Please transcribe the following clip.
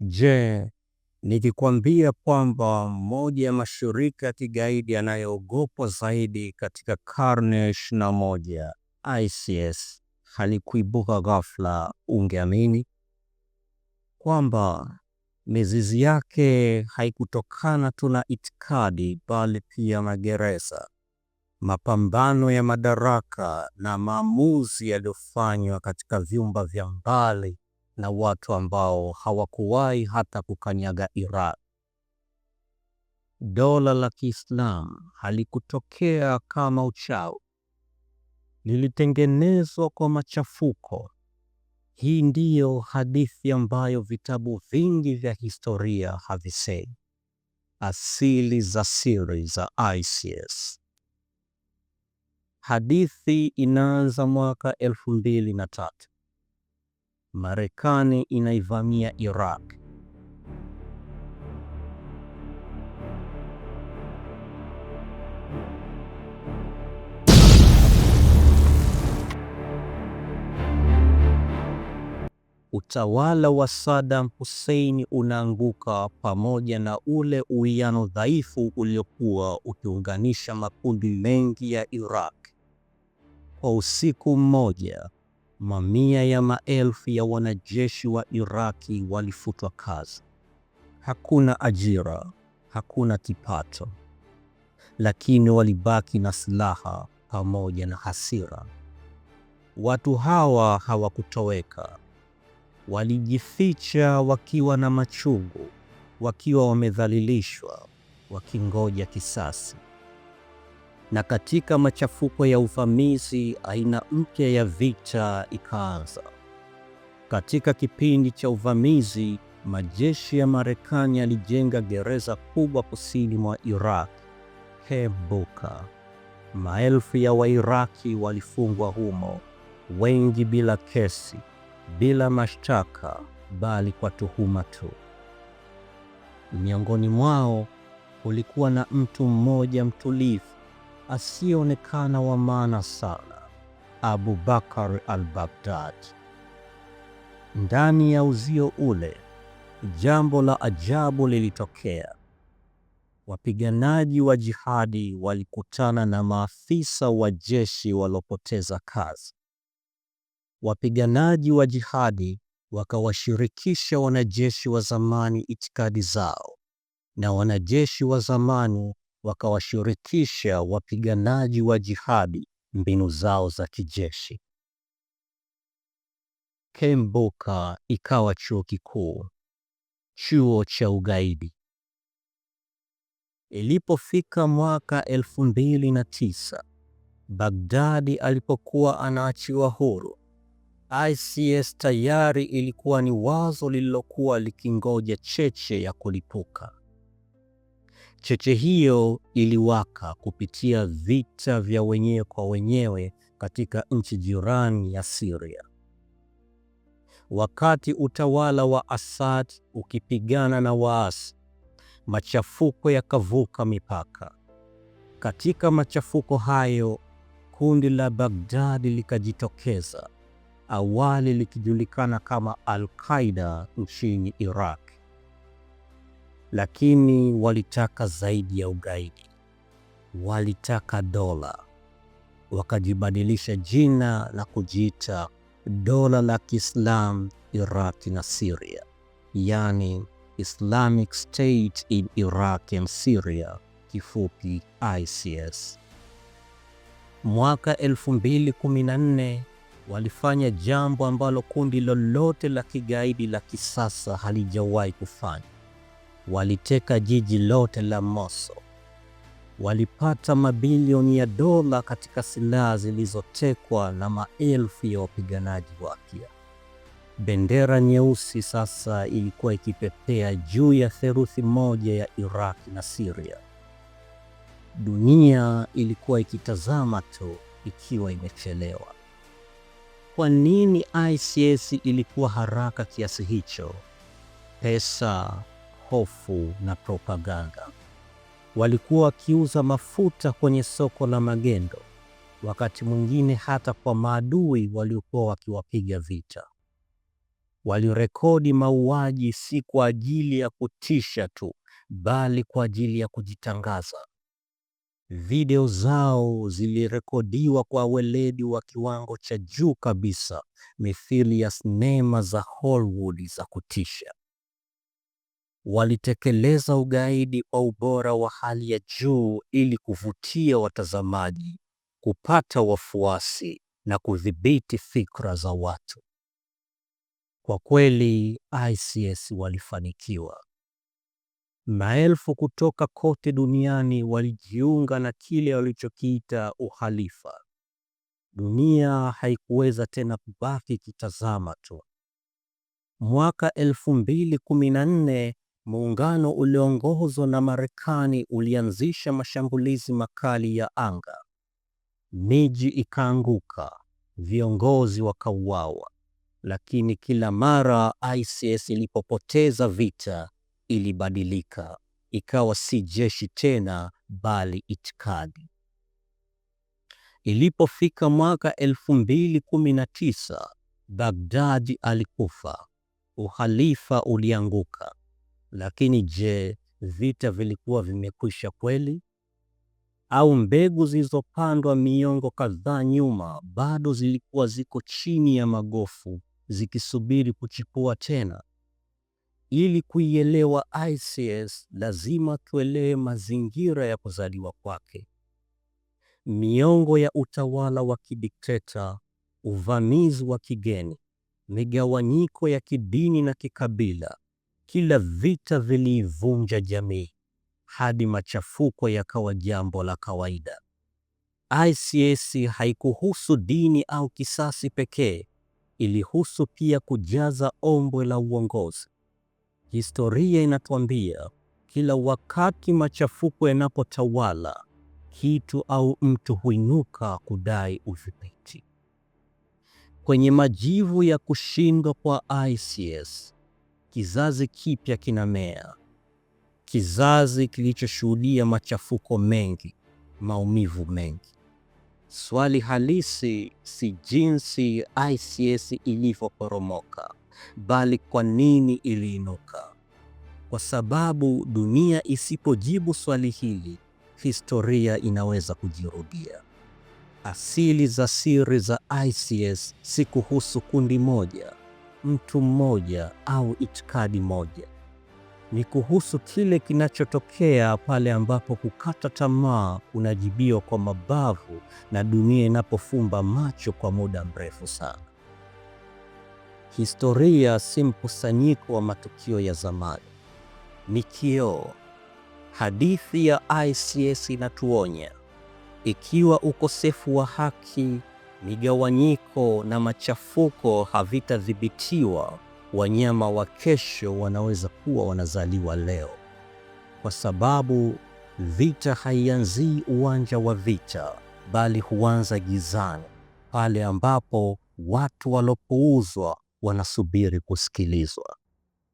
Je, nikikwambia kwamba moja ya mashirika ya kigaidi yanayoogopwa zaidi katika karne ya ishirini na moja ISIS halikuibuka ghafla, ungeamini? Kwamba mizizi yake haikutokana tu na itikadi, bali pia magereza, mapambano ya madaraka na maamuzi yaliyofanywa katika vyumba vya mbali na watu ambao hawakuwahi hata kukanyaga Iraq. Dola la Kiislamu halikutokea kama uchao, lilitengenezwa kwa machafuko. Hii ndiyo hadithi ambayo vitabu vingi vya historia havisemi. Asili za siri za ISIS. Hadithi inaanza mwaka elfu mbili na tatu Marekani inaivamia Iraq. Utawala wa Saddam Hussein unaanguka pamoja na ule uwiano dhaifu uliokuwa ukiunganisha makundi mengi ya Iraq. Kwa usiku mmoja, Mamia ya maelfu ya wanajeshi wa Iraki walifutwa kazi. Hakuna ajira, hakuna kipato, lakini walibaki na silaha pamoja na hasira. Watu hawa hawakutoweka, walijificha wakiwa na machungu, wakiwa wamedhalilishwa, wakingoja kisasi na katika machafuko ya uvamizi, aina mpya ya vita ikaanza. Katika kipindi cha uvamizi, majeshi ya Marekani yalijenga gereza kubwa kusini mwa Iraq, Heb Maelfu ya Wairaki walifungwa humo, wengi bila kesi, bila mashtaka, bali kwa tuhuma tu. Miongoni mwao kulikuwa na mtu mmoja mtulivu asiyeonekana wa maana sana, Abu Bakar al-Baghdad. Ndani ya uzio ule, jambo la ajabu lilitokea. Wapiganaji wa jihadi walikutana na maafisa wa jeshi waliopoteza kazi. Wapiganaji wa jihadi wakawashirikisha wanajeshi wa zamani itikadi zao, na wanajeshi wa zamani wakawashirikisha wapiganaji wa jihadi mbinu zao za kijeshi. Kemboka ikawa chuo kikuu, chuo cha ugaidi. Ilipofika mwaka elfu mbili na tisa Bagdadi alipokuwa anaachiwa huru, ICS tayari ilikuwa ni wazo lililokuwa likingoja cheche ya kulipuka. Cheche hiyo iliwaka kupitia vita vya wenyewe kwa wenyewe katika nchi jirani ya Syria. Wakati utawala wa Assad ukipigana na waasi, machafuko yakavuka mipaka. Katika machafuko hayo, kundi la Baghdad likajitokeza, awali likijulikana kama Al-Qaeda nchini Iraq lakini walitaka zaidi ya ugaidi, walitaka dola. Wakajibadilisha jina na kujiita dola la Kiislam Iraq na siria yani Islamic State in Iraq and Syria, kifupi ICS. Mwaka 2014 walifanya jambo ambalo kundi lolote la kigaidi la kisasa halijawahi kufanya. Waliteka jiji lote la Mosul. Walipata mabilioni ya dola katika silaha zilizotekwa na maelfu ya wapiganaji wapya. Bendera nyeusi sasa ilikuwa ikipepea juu ya theluthi moja ya Iraq na Syria. Dunia ilikuwa ikitazama tu ikiwa imechelewa. Kwa nini ISIS ilikuwa haraka kiasi hicho? Pesa hofu na propaganda. Walikuwa wakiuza mafuta kwenye soko la magendo, wakati mwingine hata kwa maadui waliokuwa wakiwapiga vita. Walirekodi mauaji si kwa ajili ya kutisha tu, bali kwa ajili ya kujitangaza. Video zao zilirekodiwa kwa weledi wa kiwango cha juu kabisa, mithili ya sinema za Hollywood za kutisha walitekeleza ugaidi kwa ubora wa hali ya juu ili kuvutia watazamaji, kupata wafuasi na kudhibiti fikra za watu. Kwa kweli ICS walifanikiwa. Maelfu kutoka kote duniani walijiunga na kile walichokiita uhalifa. Dunia haikuweza tena kubaki kitazama tu. Mwaka Muungano ulioongozwa na Marekani ulianzisha mashambulizi makali ya anga. Miji ikaanguka, viongozi wakauawa. Lakini kila mara ISIS ilipopoteza vita, ilibadilika. Ikawa si jeshi tena bali itikadi. Ilipofika mwaka 2019, Baghdad alikufa. Uhalifa ulianguka. Lakini je, vita vilikuwa vimekwisha kweli? Au mbegu zilizopandwa miongo kadhaa nyuma bado zilikuwa ziko chini ya magofu zikisubiri kuchipua tena? Ili kuielewa ICS lazima tuelewe mazingira ya kuzaliwa kwake. Miongo ya utawala wa kidikteta, uvamizi wa kigeni, migawanyiko ya kidini na kikabila, kila vita viliivunja jamii hadi machafuko yakawa jambo la kawaida. ICS haikuhusu dini au kisasi pekee, ilihusu pia kujaza ombwe la uongozi. Historia inatuambia kila wakati machafuko yanapotawala, kitu au mtu huinuka kudai udhibiti. Kwenye majivu ya kushindwa kwa ICS kizazi kipya kinamea, kizazi kilichoshuhudia machafuko mengi, maumivu mengi. Swali halisi si jinsi ICS ilivyoporomoka, bali kwa nini iliinuka. Kwa sababu dunia isipojibu swali hili, historia inaweza kujirudia. Asili za siri za ICS si kuhusu kundi moja mtu mmoja au itikadi moja, ni kuhusu kile kinachotokea pale ambapo kukata tamaa kunajibiwa kwa mabavu na dunia inapofumba macho kwa muda mrefu sana. Historia si mkusanyiko wa matukio ya zamani, ni kioo. Hadithi ya ICS inatuonya, ikiwa ukosefu wa haki migawanyiko na machafuko havitadhibitiwa, wanyama wa kesho wanaweza kuwa wanazaliwa leo, kwa sababu vita haianzii uwanja wa vita, bali huanza gizani, pale ambapo watu walopouzwa wanasubiri kusikilizwa.